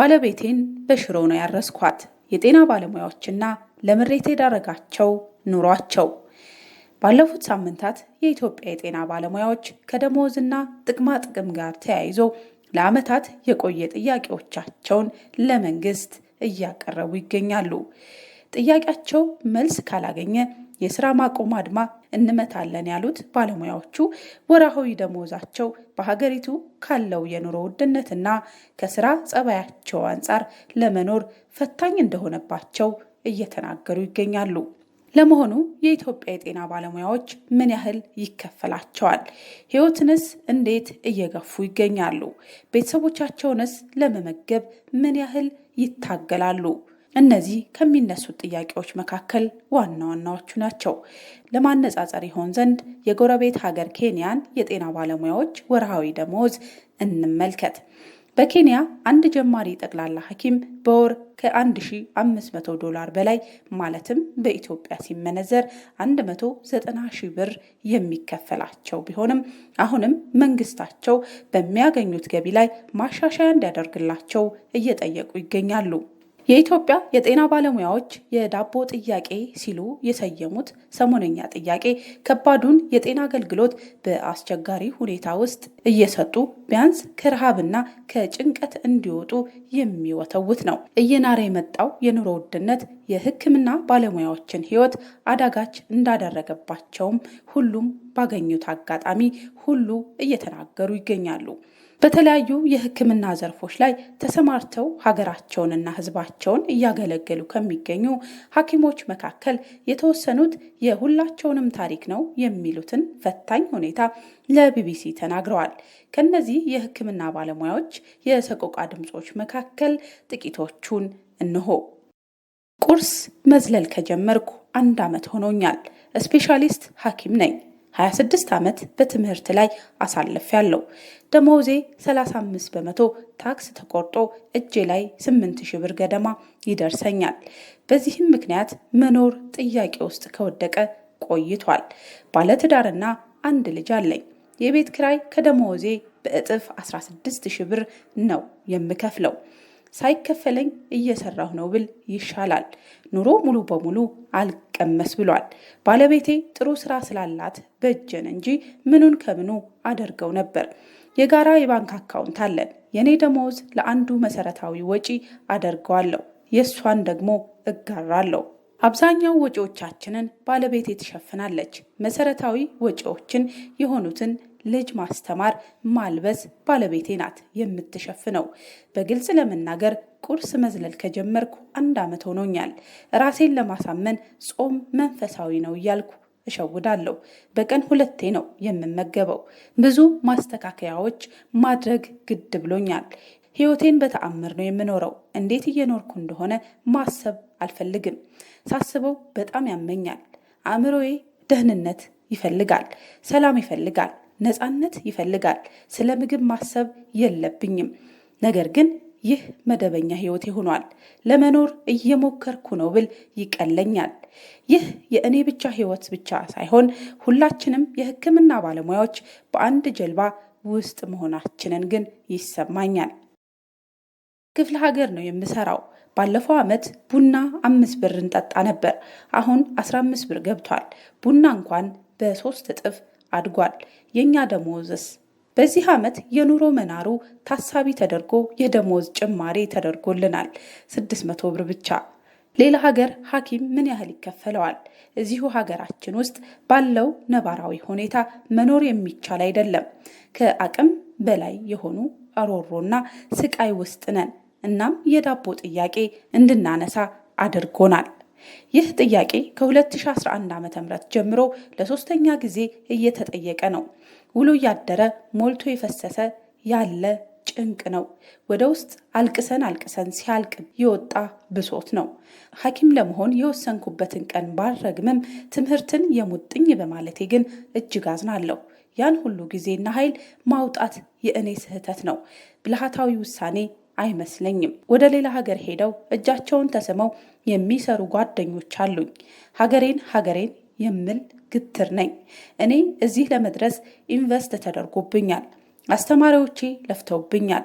ባለቤቴን በሽሮ ነው ያረስኳት። የጤና ባለሙያዎችና ለምሬት የዳረጋቸው ኑሯቸው። ባለፉት ሳምንታት የኢትዮጵያ የጤና ባለሙያዎች ከደሞዝና ጥቅማ ጥቅም ጋር ተያይዞ ለዓመታት የቆየ ጥያቄዎቻቸውን ለመንግስት እያቀረቡ ይገኛሉ። ጥያቄያቸው መልስ ካላገኘ የስራ ማቆም አድማ እንመታለን ያሉት ባለሙያዎቹ ወርሃዊ ደሞዛቸው በሀገሪቱ ካለው የኑሮ ውድነትና ከስራ ጸባያቸው አንጻር ለመኖር ፈታኝ እንደሆነባቸው እየተናገሩ ይገኛሉ። ለመሆኑ የኢትዮጵያ የጤና ባለሙያዎች ምን ያህል ይከፈላቸዋል? ሕይወትንስ እንዴት እየገፉ ይገኛሉ? ቤተሰቦቻቸውንስ ለመመገብ ምን ያህል ይታገላሉ? እነዚህ ከሚነሱት ጥያቄዎች መካከል ዋና ዋናዎቹ ናቸው። ለማነጻጸር ይሆን ዘንድ የጎረቤት ሀገር ኬንያን የጤና ባለሙያዎች ወርሃዊ ደሞዝ እንመልከት። በኬንያ አንድ ጀማሪ ጠቅላላ ሐኪም በወር ከ1500 ዶላር በላይ ማለትም በኢትዮጵያ ሲመነዘር 190 ብር የሚከፈላቸው ቢሆንም አሁንም መንግስታቸው በሚያገኙት ገቢ ላይ ማሻሻያ እንዲያደርግላቸው እየጠየቁ ይገኛሉ። የኢትዮጵያ የጤና ባለሙያዎች የዳቦ ጥያቄ ሲሉ የሰየሙት ሰሞነኛ ጥያቄ ከባዱን የጤና አገልግሎት በአስቸጋሪ ሁኔታ ውስጥ እየሰጡ ቢያንስ ከረሃብና ከጭንቀት እንዲወጡ የሚወተውት ነው። እየናረ የመጣው የኑሮ ውድነት የሕክምና ባለሙያዎችን ሕይወት አዳጋች እንዳደረገባቸውም ሁሉም ባገኙት አጋጣሚ ሁሉ እየተናገሩ ይገኛሉ። በተለያዩ የሕክምና ዘርፎች ላይ ተሰማርተው ሀገራቸውንና ሕዝባቸውን እያገለገሉ ከሚገኙ ሐኪሞች መካከል የተወሰኑት የሁላቸውንም ታሪክ ነው የሚሉትን ፈታኝ ሁኔታ ለቢቢሲ ተናግረዋል። ከነዚህ የሕክምና ባለሙያዎች የሰቆቃ ድምፆች መካከል ጥቂቶቹን እንሆ። ቁርስ መዝለል ከጀመርኩ አንድ ዓመት ሆኖኛል። ስፔሻሊስት ሐኪም ነኝ። 26 ዓመት በትምህርት ላይ አሳልፍ ያለው ደሞዜ 35 በመቶ ታክስ ተቆርጦ እጄ ላይ 8 ሺህ ብር ገደማ ይደርሰኛል። በዚህም ምክንያት መኖር ጥያቄ ውስጥ ከወደቀ ቆይቷል። ባለትዳርና አንድ ልጅ አለኝ። የቤት ክራይ ከደሞዜ በእጥፍ 16 ሺህ ብር ነው የምከፍለው። ሳይከፈለኝ እየሰራሁ ነው ብል ይሻላል። ኑሮ ሙሉ በሙሉ አልቀመስ ብሏል። ባለቤቴ ጥሩ ስራ ስላላት በጀን እንጂ ምኑን ከምኑ አደርገው ነበር። የጋራ የባንክ አካውንት አለን። የእኔ ደሞዝ ለአንዱ መሰረታዊ ወጪ አደርገዋለሁ፣ የእሷን ደግሞ እጋራለሁ። አብዛኛው ወጪዎቻችንን ባለቤቴ ትሸፍናለች። መሰረታዊ ወጪዎችን የሆኑትን ልጅ ማስተማር፣ ማልበስ ባለቤቴ ናት የምትሸፍነው። በግልጽ ለመናገር ቁርስ መዝለል ከጀመርኩ አንድ ዓመት ሆኖኛል። ራሴን ለማሳመን ጾም መንፈሳዊ ነው እያልኩ እሸውዳለሁ። በቀን ሁለቴ ነው የምመገበው። ብዙ ማስተካከያዎች ማድረግ ግድ ብሎኛል። ሕይወቴን በተአምር ነው የምኖረው። እንዴት እየኖርኩ እንደሆነ ማሰብ አልፈልግም። ሳስበው በጣም ያመኛል። አእምሮዬ ደህንነት ይፈልጋል፣ ሰላም ይፈልጋል፣ ነፃነት ይፈልጋል። ስለ ምግብ ማሰብ የለብኝም። ነገር ግን ይህ መደበኛ ህይወቴ ሆኗል። ለመኖር እየሞከርኩ ነው ብል ይቀለኛል። ይህ የእኔ ብቻ ህይወት ብቻ ሳይሆን ሁላችንም የህክምና ባለሙያዎች በአንድ ጀልባ ውስጥ መሆናችንን ግን ይሰማኛል። ክፍለ ሀገር ነው የምሰራው። ባለፈው ዓመት ቡና አምስት ብር እንጠጣ ነበር። አሁን አስራ አምስት ብር ገብቷል። ቡና እንኳን በሶስት እጥፍ አድጓል። የእኛ ደሞዝስ? በዚህ ዓመት የኑሮ መናሩ ታሳቢ ተደርጎ የደሞዝ ጭማሪ ተደርጎልናል፣ 600 ብር ብቻ። ሌላ ሀገር ሐኪም ምን ያህል ይከፈለዋል? እዚሁ ሀገራችን ውስጥ ባለው ነባራዊ ሁኔታ መኖር የሚቻል አይደለም። ከአቅም በላይ የሆኑ አሮሮና ስቃይ ውስጥ ነን። እናም የዳቦ ጥያቄ እንድናነሳ አድርጎናል። ይህ ጥያቄ ከ2011 ዓ ም ጀምሮ ለሶስተኛ ጊዜ እየተጠየቀ ነው። ውሎ እያደረ ሞልቶ የፈሰሰ ያለ ጭንቅ ነው። ወደ ውስጥ አልቅሰን አልቅሰን ሲያልቅ የወጣ ብሶት ነው። ሐኪም ለመሆን የወሰንኩበትን ቀን ባልረግምም ትምህርትን የሙጥኝ በማለቴ ግን እጅግ አዝናለሁ። ያን ሁሉ ጊዜና ኃይል ማውጣት የእኔ ስህተት ነው። ብልሃታዊ ውሳኔ አይመስለኝም። ወደ ሌላ ሀገር ሄደው እጃቸውን ተስመው የሚሰሩ ጓደኞች አሉኝ። ሀገሬን ሀገሬን የምል ግትር ነኝ። እኔ እዚህ ለመድረስ ኢንቨስት ተደርጎብኛል፣ አስተማሪዎቼ ለፍተውብኛል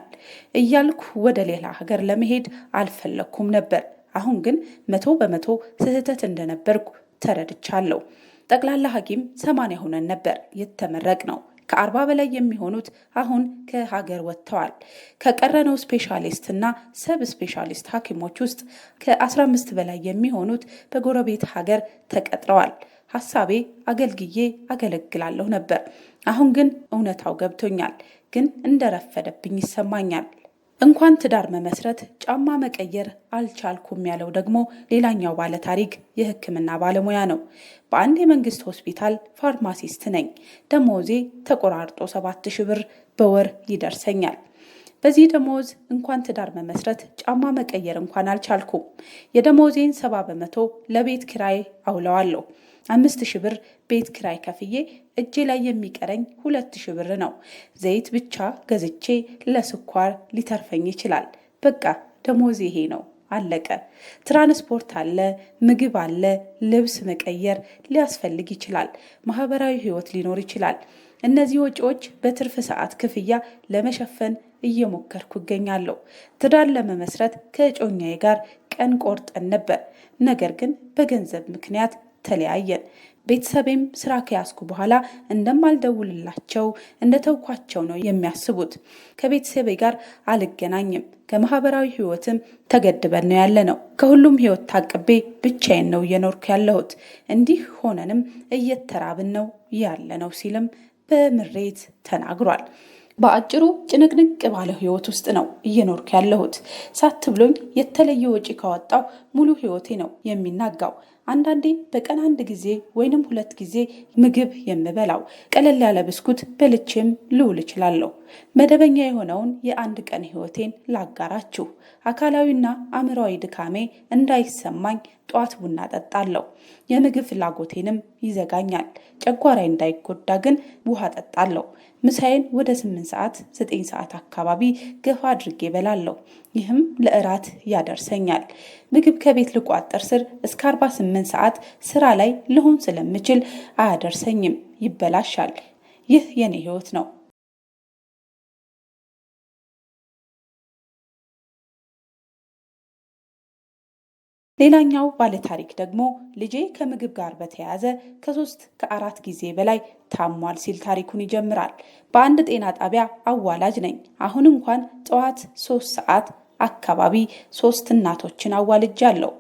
እያልኩ ወደ ሌላ ሀገር ለመሄድ አልፈለግኩም ነበር። አሁን ግን መቶ በመቶ ስህተት እንደነበርኩ ተረድቻለሁ። ጠቅላላ ሐኪም ሰማንያ ሆነን ነበር የተመረቅ ነው ከአርባ በላይ የሚሆኑት አሁን ከሀገር ወጥተዋል። ከቀረነው ስፔሻሊስት እና ሰብ ስፔሻሊስት ሐኪሞች ውስጥ ከ15 በላይ የሚሆኑት በጎረቤት ሀገር ተቀጥረዋል። ሀሳቤ አገልግዬ አገለግላለሁ ነበር። አሁን ግን እውነታው ገብቶኛል፣ ግን እንደረፈደብኝ ይሰማኛል። እንኳን ትዳር መመስረት ጫማ መቀየር አልቻልኩም ያለው ደግሞ ሌላኛው ባለታሪክ የሕክምና ባለሙያ ነው። በአንድ የመንግስት ሆስፒታል ፋርማሲስት ነኝ። ደሞዜ ተቆራርጦ ሰባት ሺህ ብር በወር ይደርሰኛል። በዚህ ደሞዝ እንኳን ትዳር መመስረት ጫማ መቀየር እንኳን አልቻልኩም። የደሞዜን ሰባ በመቶ ለቤት ኪራይ አውለዋለሁ። አምስት ሺህ ብር ቤት ክራይ ከፍዬ እጄ ላይ የሚቀረኝ ሁለት ሺህ ብር ነው። ዘይት ብቻ ገዝቼ ለስኳር ሊተርፈኝ ይችላል። በቃ ደሞዝ ይሄ ነው፣ አለቀ። ትራንስፖርት አለ፣ ምግብ አለ፣ ልብስ መቀየር ሊያስፈልግ ይችላል። ማህበራዊ ህይወት ሊኖር ይችላል። እነዚህ ወጪዎች በትርፍ ሰዓት ክፍያ ለመሸፈን እየሞከርኩ እገኛለሁ። ትዳር ለመመስረት ከእጮኛዬ ጋር ቀን ቆርጠን ነበር። ነገር ግን በገንዘብ ምክንያት ተለያየን። ቤተሰቤም ስራ ከያዝኩ በኋላ እንደማልደውልላቸው እንደተውኳቸው ነው የሚያስቡት። ከቤተሰቤ ጋር አልገናኝም። ከማህበራዊ ህይወትም ተገድበን ነው ያለ ነው። ከሁሉም ህይወት ታቅቤ ብቻዬን ነው እየኖርኩ ያለሁት። እንዲህ ሆነንም እየተራብን ነው ያለ ነው ሲልም በምሬት ተናግሯል። በአጭሩ ጭንቅንቅ ባለ ህይወት ውስጥ ነው እየኖርኩ ያለሁት። ሳት ብሎኝ የተለየ ወጪ ካወጣው ሙሉ ህይወቴ ነው የሚናጋው። አንዳንዴ በቀን አንድ ጊዜ ወይንም ሁለት ጊዜ ምግብ የምበላው ቀለል ያለ ብስኩት በልቼም ልውል እችላለሁ። መደበኛ የሆነውን የአንድ ቀን ህይወቴን ላጋራችሁ። አካላዊና አእምሯዊ ድካሜ እንዳይሰማኝ ጧት ቡና ጠጣለሁ። የምግብ ፍላጎቴንም ይዘጋኛል። ጨጓራዬ እንዳይጎዳ ግን ውሃ ጠጣለሁ። ምሳዬን ወደ 8 ሰዓት 9 ሰዓት አካባቢ ገፋ አድርጌ በላለሁ። ይህም ለእራት ያደርሰኛል። ምግብ ከቤት ልቋጠር ስር እስከ 48 ስምንት ሰዓት ስራ ላይ ልሆን ስለምችል አያደርሰኝም፣ ይበላሻል። ይህ የኔ ህይወት ነው። ሌላኛው ባለታሪክ ደግሞ ልጄ ከምግብ ጋር በተያያዘ ከሶስት ከአራት ጊዜ በላይ ታሟል ሲል ታሪኩን ይጀምራል። በአንድ ጤና ጣቢያ አዋላጅ ነኝ። አሁን እንኳን ጠዋት ሶስት ሰዓት አካባቢ ሶስት እናቶችን አዋልጃለሁ።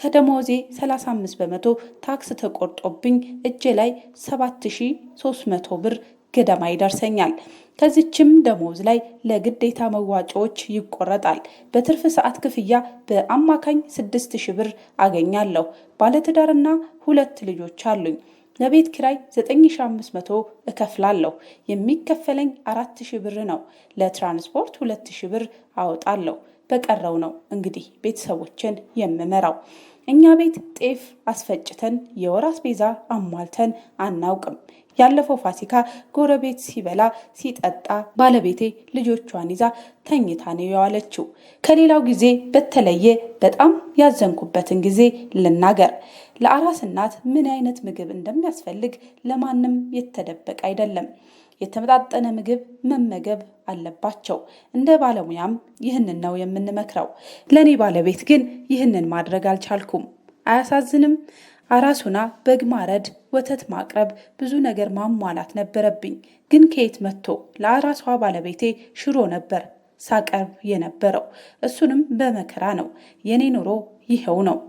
ከደሞዜ 35 በመቶ ታክስ ተቆርጦብኝ እጄ ላይ 7300 ብር ገደማ ይደርሰኛል። ከዚችም ደሞዝ ላይ ለግዴታ መዋጮዎች ይቆረጣል። በትርፍ ሰዓት ክፍያ በአማካኝ 6000 ብር አገኛለሁ። ባለትዳርና ሁለት ልጆች አሉኝ። ለቤት ኪራይ 9500 እከፍላለሁ። የሚከፈለኝ 4000 ብር ነው። ለትራንስፖርት 2000 ብር አወጣለሁ። በቀረው ነው እንግዲህ ቤተሰቦችን የምመራው። እኛ ቤት ጤፍ አስፈጭተን የወር አስቤዛ አሟልተን አናውቅም። ያለፈው ፋሲካ ጎረቤት ሲበላ ሲጠጣ ባለቤቴ ልጆቿን ይዛ ተኝታ ነው የዋለችው። ከሌላው ጊዜ በተለየ በጣም ያዘንኩበትን ጊዜ ልናገር። ለአራስ እናት ምን አይነት ምግብ እንደሚያስፈልግ ለማንም የተደበቀ አይደለም። የተመጣጠነ ምግብ መመገብ አለባቸው። እንደ ባለሙያም ይህንን ነው የምንመክረው። ለእኔ ባለቤት ግን ይህንን ማድረግ አልቻልኩም። አያሳዝንም? አራሱና በግ ማረድ፣ ወተት ማቅረብ፣ ብዙ ነገር ማሟላት ነበረብኝ። ግን ከየት መጥቶ ለአራሷ ባለቤቴ ሽሮ ነበር ሳቀርብ የነበረው። እሱንም በመከራ ነው። የኔ ኑሮ ይኸው ነው።